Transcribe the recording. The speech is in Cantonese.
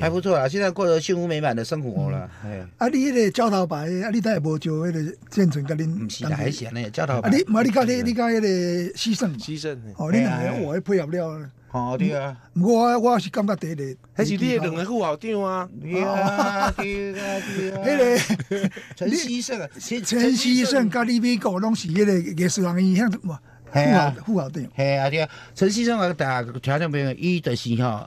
還不錯啊，現在過着幸福美滿的生活了、嗯，哎呀！啊，你迄個教頭牌，啊你你，你都也無招迄個建誠甲恁。毋是啦，還行嘞，頭牌。啊你，你甲係你你甲迄個施生。施生。哦，你兩、那個我、那個、配合了。好啲啊！唔、嗯、過我我是感覺第一、那個。你是你兩個副校長啊？對啊，對啊，對啊。那個陳希勝，陳陳希勝，格呢邊個攏是迄個藝術學院的嘛？副校長。係啊啲啊，陳希勝啊，個大個聽眾朋友，伊就是嗬。